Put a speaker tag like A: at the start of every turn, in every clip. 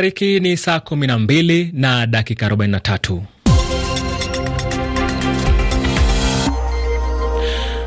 A: Tariki ni saa 12 na dakika 43.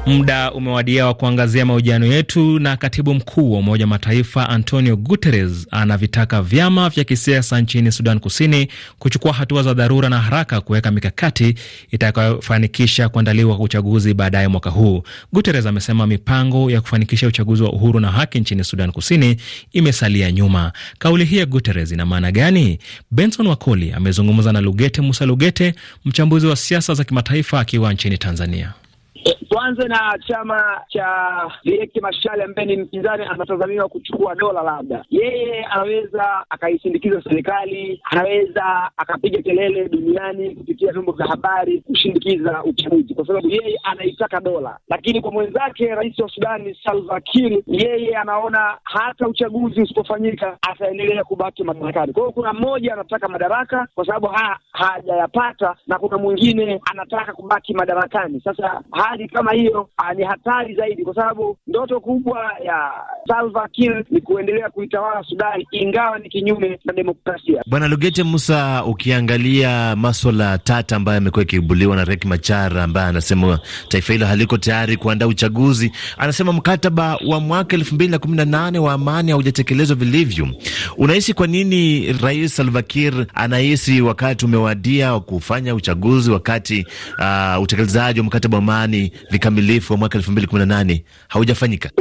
A: Muda umewadia wa kuangazia mahojiano yetu na katibu mkuu wa Umoja wa Mataifa Antonio Guterres anavitaka vyama vya kisiasa nchini Sudan Kusini kuchukua hatua za dharura na haraka kuweka mikakati itakayofanikisha kuandaliwa kwa uchaguzi baadaye mwaka huu. Guterres amesema mipango ya kufanikisha uchaguzi wa uhuru na haki nchini Sudan Kusini imesalia nyuma. Kauli hii ya Guterres ina maana gani? Benson Wakoli amezungumza na Lugete Musa Lugete, mchambuzi wa siasa za kimataifa akiwa nchini Tanzania.
B: Eh, tuanze na chama cha Riek Machar ambaye ni mpinzani, anatazamiwa kuchukua dola. Labda yeye anaweza akaisindikiza serikali, anaweza akapiga kelele duniani kupitia vyombo vya habari kushindikiza uchaguzi, kwa sababu yeye anaitaka dola. Lakini kwa mwenzake, rais wa Sudani Salva Kiir, yeye anaona hata uchaguzi usipofanyika ataendelea kubaki madarakani. Kwa hiyo kuna mmoja anataka madaraka kwa sababu hajayapata na kuna mwingine anataka kubaki madarakani. Sasa hali kama hiyo ah, ni hatari zaidi, kwa sababu ndoto kubwa ya Salva Kiir ni kuendelea kuitawala Sudani, ingawa ni kinyume na demokrasia.
C: Bwana Lugete Musa, ukiangalia maswala tata ambayo amekuwa yakiibuliwa na Riek Machar ambaye anasema taifa hilo haliko tayari kuandaa uchaguzi, anasema mkataba wa mwaka elfu mbili na kumi na nane wa amani haujatekelezwa vilivyo. Unahisi kwa nini Rais Salva Kiir anahisi wakati umewadia wa kufanya uchaguzi, wakati uh, utekelezaji wa mkataba wa amani vikamilifu wa mwaka elfu mbili kumi na nane haujafanyika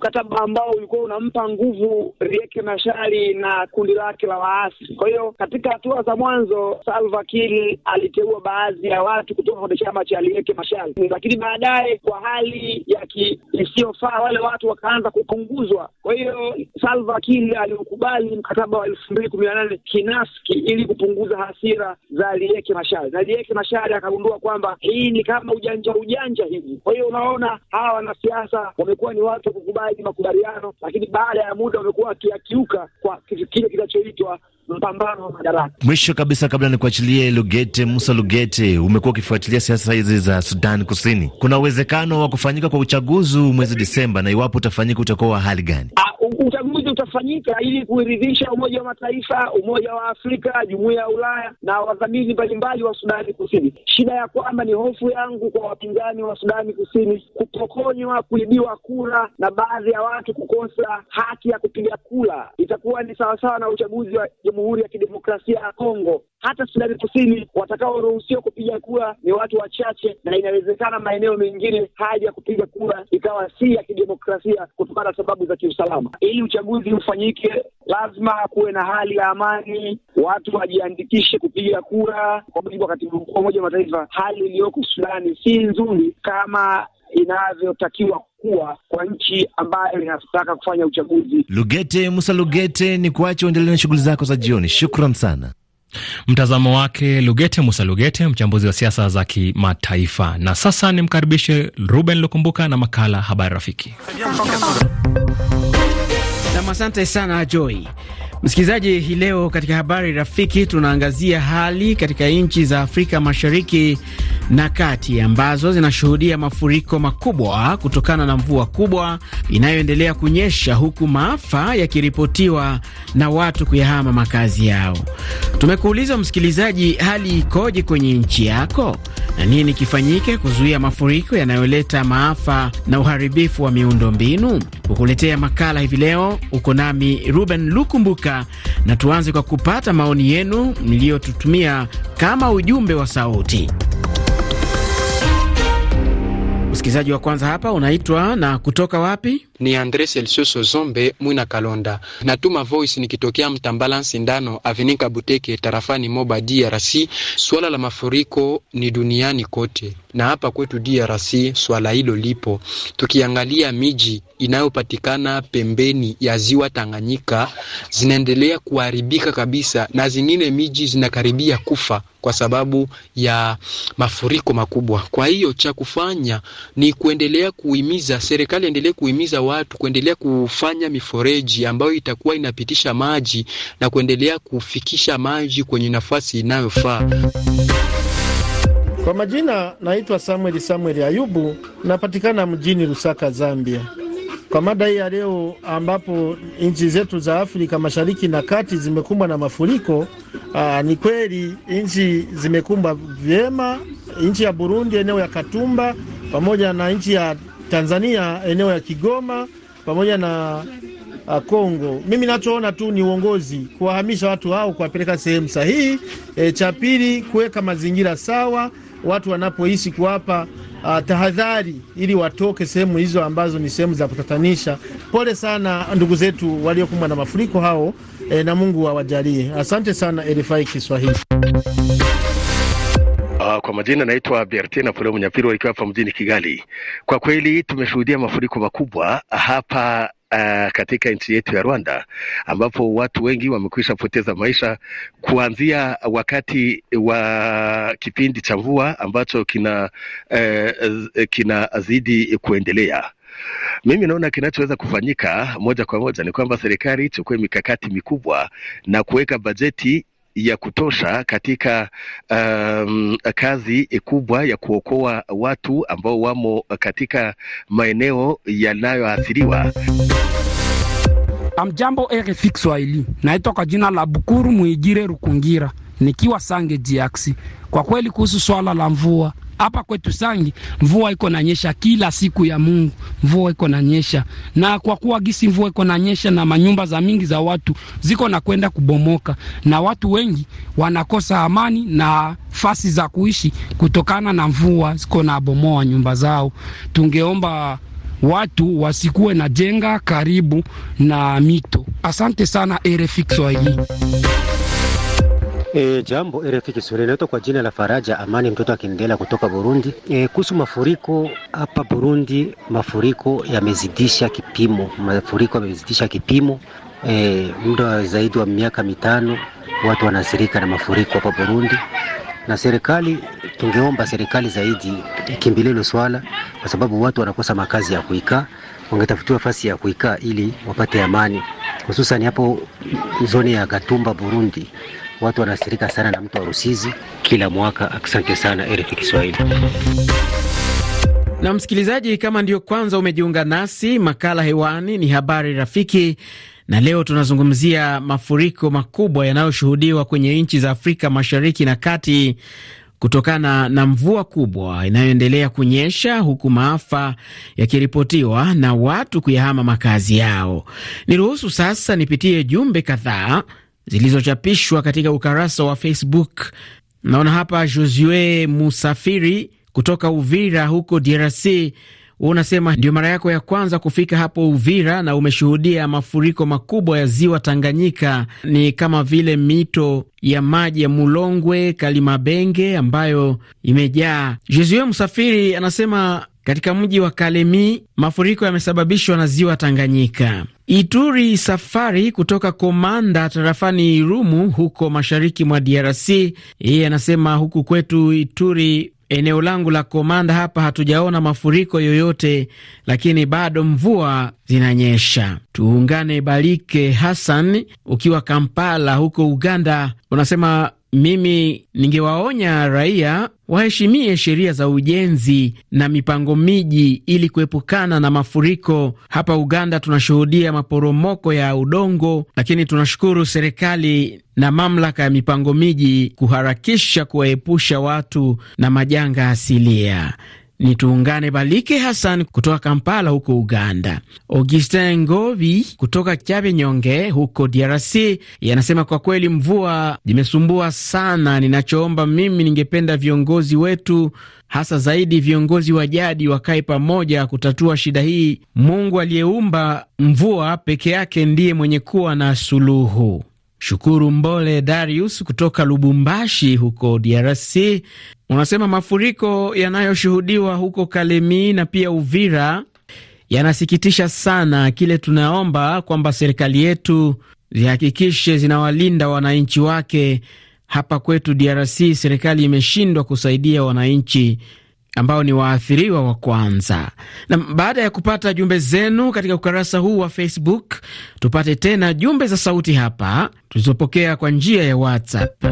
B: mkataba ambao ulikuwa unampa nguvu Riek Machar na kundi lake la waasi. Kwa hiyo katika hatua za mwanzo Salva Kiir aliteua baadhi ya watu kutoka kwenye chama cha Riek Machar, lakini baadaye kwa hali ya isiyofaa wale watu wakaanza kupunguzwa. Kwa hiyo Salva Kiir aliokubali mkataba wa elfu mbili kumi na nane kinafiki ili kupunguza hasira za Riek Machar, na Riek Machar akagundua kwamba hii ni kama ujanja ujanja hivi. Kwa hiyo unaona hawa wanasiasa wamekuwa ni watu kukubali hawafuatilii makubaliano, lakini baada ya muda wamekuwa wakiakiuka kwa kile kinachoitwa mpambano wa madaraka.
C: Mwisho kabisa, kabla nikuachilie Lugete, Musa Lugete, umekuwa ukifuatilia siasa hizi za Sudan Kusini. Kuna uwezekano wa kufanyika kwa uchaguzi mwezi Desemba, na iwapo utafanyika utakuwa wa hali gani?
B: Ah, uchaguzi utafanyika ili kuiridhisha Umoja wa Mataifa, Umoja wa Afrika, Jumuiya ya Ulaya na wadhamini mbalimbali wa Sudani Kusini. Shida ya kwamba ni hofu yangu kwa wapinzani wa Sudani Kusini kupokonywa, kuibiwa kura na baadhi ya watu kukosa haki ya kupiga kura itakuwa ni sawasawa na uchaguzi wa Jamhuri ya Kidemokrasia ya Kongo. Hata Sudani Kusini watakaoruhusiwa kupiga kura ni watu wachache, na inawezekana maeneo mengine haja ya kupiga kura ikawa si ya kidemokrasia kutokana na sababu za kiusalama. Ili uchaguzi uchaguzi ufanyike, lazima kuwe na hali ya amani, watu wajiandikishe kupiga kura. Kwa mujibu wa katibu mkuu wa Umoja wa Mataifa, hali iliyoko Sudani si nzuri kama inavyotakiwa kuwa kwa nchi ambayo inataka kufanya uchaguzi.
C: Lugete Musa Lugete, ni kuache uendelee na shughuli zako za jioni. Shukran sana.
A: Mtazamo wake Lugete Musa Lugete, mchambuzi wa siasa za kimataifa. Na sasa nimkaribishe Ruben Lukumbuka na makala Habari Rafiki.
D: Nam, asante sana Joy. Msikilizaji, hii leo katika habari rafiki tunaangazia hali katika nchi za Afrika Mashariki na Kati ambazo zinashuhudia mafuriko makubwa kutokana na mvua kubwa inayoendelea kunyesha, huku maafa yakiripotiwa na watu kuyahama makazi yao. Tumekuuliza msikilizaji, hali ikoje kwenye nchi yako na nini kifanyike kuzuia mafuriko yanayoleta maafa na uharibifu wa miundombinu? Kukuletea makala hivi leo uko nami Ruben Lukumbuka Afrika, na tuanze kwa kupata maoni yenu mliyotutumia kama ujumbe wa sauti. Msikilizaji wa kwanza hapa unaitwa na kutoka wapi? ni Andre Celsius Zombe Mwina Kalonda. Natuma voice nikitokea Mtambala Sindano Avenika Buteke tarafani Moba DRC. Swala la mafuriko ni duniani kote na hapa kwetu DRC swala hilo lipo. Tukiangalia miji inayopatikana pembeni ya ziwa Tanganyika zinaendelea kuharibika kabisa, na zingine miji zinakaribia kufa kwa sababu ya mafuriko makubwa. Kwa hiyo cha kufanya ni kuendelea kuhimiza serikali, endelee kuhimiza watu kuendelea kufanya mifereji ambayo itakuwa inapitisha maji na kuendelea kufikisha maji kwenye nafasi inayofaa.
C: Kwa majina naitwa Samuel Samuel Ayubu, napatikana mjini Lusaka, Zambia. Kwa mada hii ya leo, ambapo nchi zetu za Afrika Mashariki na Kati zimekumbwa na mafuriko. ni kweli nchi zimekumbwa vyema, nchi ya Burundi eneo ya Katumba pamoja na nchi ya Tanzania, eneo ya Kigoma pamoja na uh, Kongo. Mimi nachoona tu ni uongozi kuwahamisha watu hao, kuwapeleka sehemu sahihi. E, cha pili kuweka mazingira sawa watu wanapoishi, kuwapa uh, tahadhari ili watoke sehemu hizo ambazo ni sehemu za kutatanisha. Pole sana ndugu zetu waliokumbwa na mafuriko hao, e, na Mungu awajalie. Asante sana RFI Kiswahili. Uh, kwa majina naitwa Bertin Napoleo Mnyapiri walikiwa hapa mjini Kigali. Kwa kweli tumeshuhudia mafuriko makubwa hapa Uh, katika nchi yetu ya Rwanda ambapo watu wengi wamekwisha poteza maisha kuanzia wakati wa kipindi cha mvua ambacho kina uh, eh, kinazidi kuendelea. Mimi naona kinachoweza kufanyika moja kwa moja ni kwamba serikali ichukue mikakati mikubwa na kuweka bajeti ya kutosha katika um, kazi kubwa ya kuokoa watu ambao wamo katika maeneo yanayoathiriwa. Amjambo RFI Kiswahili, naitwa kwa jina la Bukuru
A: Mwigire Rukungira nikiwa Sange Jiaksi. Kwa kweli kuhusu swala la mvua hapa kwetu Sangi mvua iko nanyesha kila siku ya Mungu, mvua iko nanyesha, na kwa kuwa gisi mvua iko nanyesha na manyumba za mingi za watu ziko na kwenda kubomoka, na watu wengi wanakosa amani na fasi za kuishi kutokana na mvua ziko na bomoa nyumba zao. Tungeomba watu wasikuwe na jenga karibu na mito. Asante sana RFI Kiswahili. E, jambo RFI Kiswahili, naitwa kwa jina la Faraja Amani mtoto akiendelea kutoka Burundi. E, kuhusu mafuriko hapa Burundi, mafuriko yamezidisha kipimo, mafuriko yamezidisha kipimo. E, muda wa zaidi wa miaka mitano watu wanaathirika na mafuriko hapa Burundi, na serikali tungeomba serikali zaidi ikimbilie hilo swala, kwa sababu watu wanakosa makazi ya kuikaa, wangetafutiwa nafasi ya kuikaa ili wapate amani, hususani hapo zone ya Gatumba Burundi watu wanaathirika sana na mto wa Rusizi kila mwaka. Asante sana RFI Kiswahili.
D: Na msikilizaji, kama ndiyo kwanza umejiunga nasi, makala hewani ni habari rafiki, na leo tunazungumzia mafuriko makubwa yanayoshuhudiwa kwenye nchi za Afrika Mashariki na Kati kutokana na mvua kubwa inayoendelea kunyesha huku maafa yakiripotiwa na watu kuyahama makazi yao. Niruhusu sasa nipitie jumbe kadhaa zilizochapishwa katika ukarasa wa Facebook. Naona hapa Josue Musafiri kutoka Uvira huko DRC unasema ndio mara yako ya kwanza kufika hapo Uvira na umeshuhudia mafuriko makubwa ya ziwa Tanganyika. Ni kama vile mito ya maji ya Mulongwe, Kalimabenge ambayo imejaa. Josue Musafiri anasema katika mji wa Kalemi mafuriko yamesababishwa na ziwa Tanganyika. Ituri safari kutoka Komanda tarafani Irumu huko mashariki mwa DRC. Yeye anasema huku kwetu Ituri, eneo langu la Komanda hapa hatujaona mafuriko yoyote, lakini bado mvua zinanyesha. Tuungane Balike Hassan ukiwa Kampala huko Uganda, unasema mimi ningewaonya raia waheshimie sheria za ujenzi na mipango miji ili kuepukana na mafuriko. Hapa Uganda tunashuhudia maporomoko ya udongo, lakini tunashukuru serikali na mamlaka ya mipango miji kuharakisha kuwaepusha watu na majanga asilia. Ni tuungane Balike Hassan kutoka Kampala huko Uganda. Augustin Ngovi kutoka Chabe Nyonge huko DRC yanasema kwa kweli mvua zimesumbua sana. Ninachoomba mimi, ningependa viongozi wetu hasa zaidi viongozi wa jadi wakae pamoja kutatua shida hii. Mungu aliyeumba mvua peke yake ndiye mwenye kuwa na suluhu. Shukuru Mbole Darius kutoka Lubumbashi huko DRC unasema mafuriko yanayoshuhudiwa huko Kalemi na pia Uvira yanasikitisha sana. Kile tunaomba kwamba serikali yetu zihakikishe zinawalinda wananchi wake. Hapa kwetu DRC serikali imeshindwa kusaidia wananchi ambao ni waathiriwa wa kwanza. Na baada ya kupata jumbe zenu katika ukurasa huu wa Facebook, tupate tena jumbe za sauti hapa tulizopokea kwa njia ya WhatsApp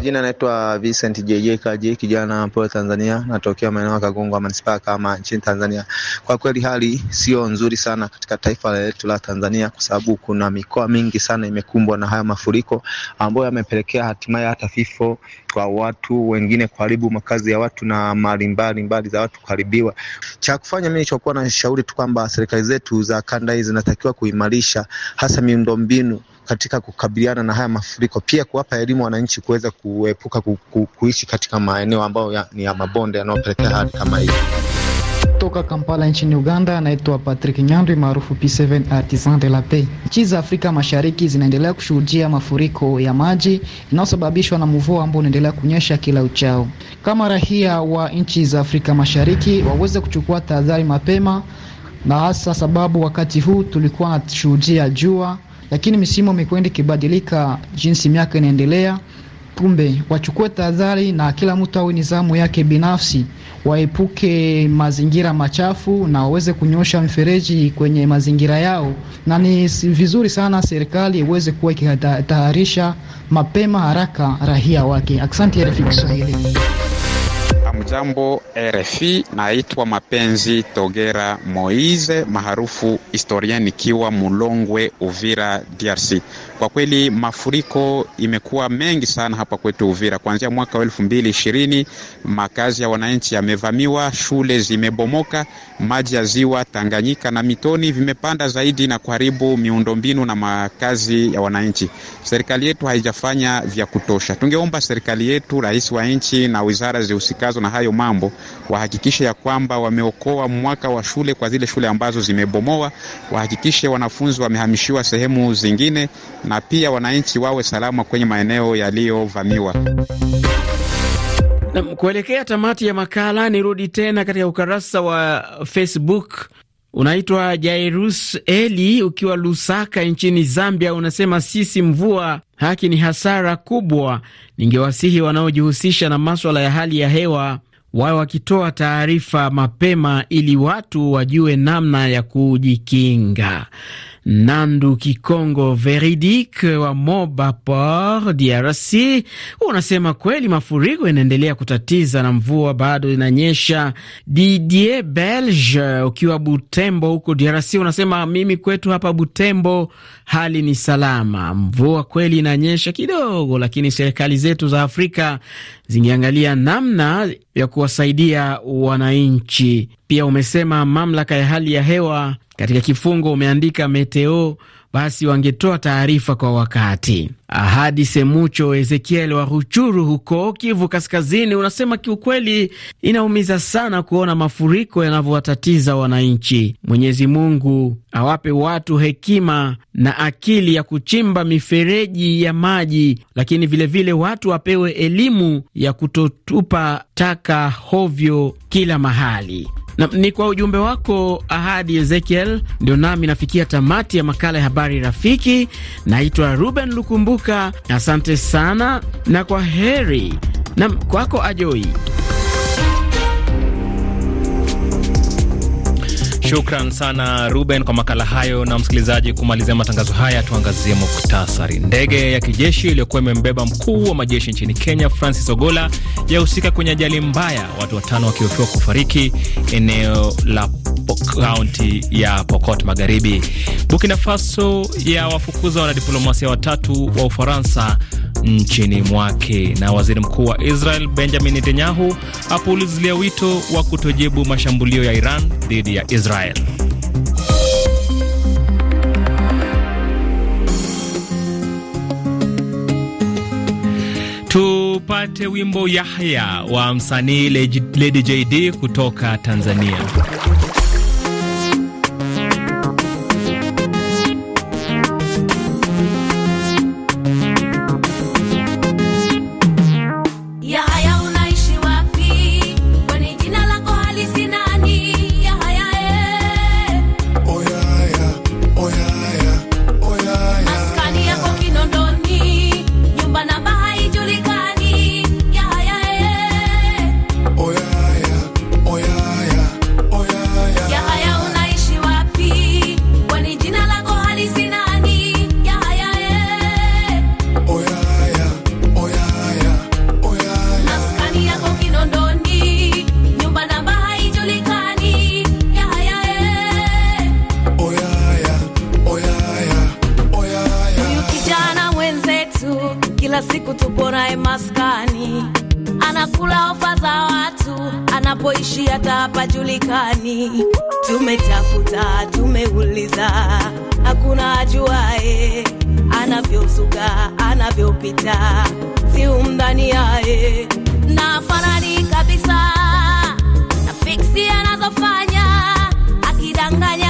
C: jina naitwa Vincent JJ Kaji, kijana mpole Tanzania, natokea maeneo ya Kagongo manispaa kama nchini Tanzania. Kwa kweli hali sio nzuri sana katika taifa letu la Tanzania, kwa sababu kuna mikoa mingi sana imekumbwa na haya mafuriko ambayo yamepelekea hatimaye hata vifo kwa watu wengine, kuharibu makazi ya watu na mali mbalimbali za watu kuharibiwa. Cha kufanya mimi nilichokuwa na shauri tu kwamba serikali zetu za kanda hii zinatakiwa kuimarisha hasa miundombinu katika kukabiliana na haya mafuriko, pia kuwapa elimu wananchi kuweza kuepuka ku, ku, kuishi katika maeneo ambayo ya, ni ya mabonde yanayopelekea hali kama hii.
D: Toka Kampala nchini Uganda, anaitwa Patrick Nyandwi maarufu P7 Artisan de la Paix. Nchi za Afrika Mashariki zinaendelea kushuhudia mafuriko ya maji inayosababishwa na mvua ambao unaendelea kunyesha kila uchao. Kama raia wa nchi za Afrika Mashariki waweze kuchukua tahadhari mapema, na hasa sababu wakati huu tulikuwa tunashuhudia jua lakini misimu imekwenda ikibadilika jinsi miaka inaendelea. Kumbe wachukue tahadhari na kila mtu awe nizamu yake binafsi, waepuke mazingira machafu na waweze kunyosha mfereji kwenye mazingira yao, na ni vizuri sana serikali iweze kuwa ikitayarisha mapema haraka rahia wake. Asante RFI Kiswahili. Jambo RFI, naitwa Mapenzi Togera Moize maarufu historia, nikiwa Mulongwe Uvira, DRC. Kwa kweli mafuriko imekuwa mengi sana hapa kwetu Uvira kuanzia mwaka wa elfu mbili ishirini. Makazi ya wananchi yamevamiwa, shule zimebomoka, maji ya ziwa Tanganyika na mitoni vimepanda zaidi na kuharibu miundombinu na makazi ya wananchi. Serikali yetu haijafanya vya kutosha. Tungeomba serikali yetu, rais wa nchi na wizara zihusikazo na hayo mambo wahakikishe ya kwamba wameokoa mwaka wa shule kwa zile shule ambazo zimebomoa, wahakikishe wanafunzi wamehamishiwa sehemu zingine na pia wananchi wawe salama kwenye maeneo yaliyovamiwa. Na kuelekea tamati ya makala, nirudi tena katika ukurasa wa Facebook. Unaitwa Jairus Eli ukiwa Lusaka nchini Zambia, unasema sisi mvua haki ni hasara kubwa. Ningewasihi wanaojihusisha na maswala ya hali ya hewa wawe wakitoa taarifa mapema ili watu wajue namna ya kujikinga. Nandu Kikongo Veridik wa Moba Port DRC unasema kweli mafuriko yanaendelea kutatiza na mvua bado inanyesha. Didier Belge ukiwa Butembo huko DRC unasema mimi kwetu hapa Butembo hali ni salama, mvua kweli inanyesha kidogo, lakini serikali zetu za Afrika zingeangalia namna ya kuwasaidia wananchi pia umesema mamlaka ya hali ya hewa katika kifungo umeandika meteo, basi wangetoa taarifa kwa wakati. Ahadi Semucho Ezekiel wa Ruchuru huko Kivu Kaskazini unasema kiukweli, inaumiza sana kuona mafuriko yanavyowatatiza wananchi. Mwenyezi Mungu awape watu hekima na akili ya kuchimba mifereji ya maji, lakini vilevile vile watu wapewe elimu ya kutotupa taka hovyo kila mahali. Na, ni kwa ujumbe wako Ahadi Ezekiel, ndio nami nafikia tamati ya makala ya habari rafiki. Naitwa Ruben Lukumbuka, asante sana na kwa heri. Nam kwako Ajoi. Shukran
A: sana Ruben kwa makala hayo. Na msikilizaji, kumalizia matangazo haya, tuangazie muktasari. Ndege ya kijeshi iliyokuwa imembeba mkuu wa majeshi nchini Kenya Francis Ogola yahusika kwenye ajali mbaya, watu watano wakihofiwa kufariki eneo la kaunti ya Pokot Magharibi. Burkina Faso ya wafukuza wanadiplomasia watatu wa Ufaransa nchini mwake. Na waziri mkuu wa Israel Benjamin Netanyahu apuulizilia wito wa kutojibu mashambulio ya Iran dhidi ya Israel. Tupate wimbo Yahya wa msanii Lady JD kutoka Tanzania.
E: siku tupo naye maskani, anakula ofa za watu, anapoishi hata hapajulikani. Tumetafuta, tumeuliza, hakuna ajuae anavyosuka, anavyopita, si umdhani yaye na fanani kabisa na fiksi anazofanya akidanganya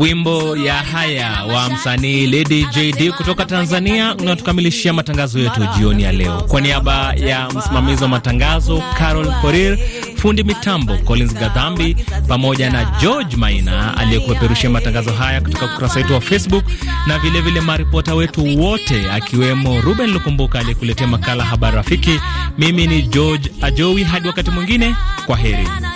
A: wimbo ya haya wa msanii Lady JD kutoka Tanzania unaotukamilishia matangazo yetu jioni ya leo. Kwa niaba ya msimamizi wa matangazo Carol Korir, fundi mitambo Collins Gadhambi, pamoja na George Maina aliyekupeperushia matangazo haya kutoka ukurasa wetu wa Facebook, na vilevile maripota wetu wote akiwemo Ruben Lukumbuka aliyekuletea makala habari rafiki. Mimi ni George Ajowi, hadi wakati mwingine, kwa heri.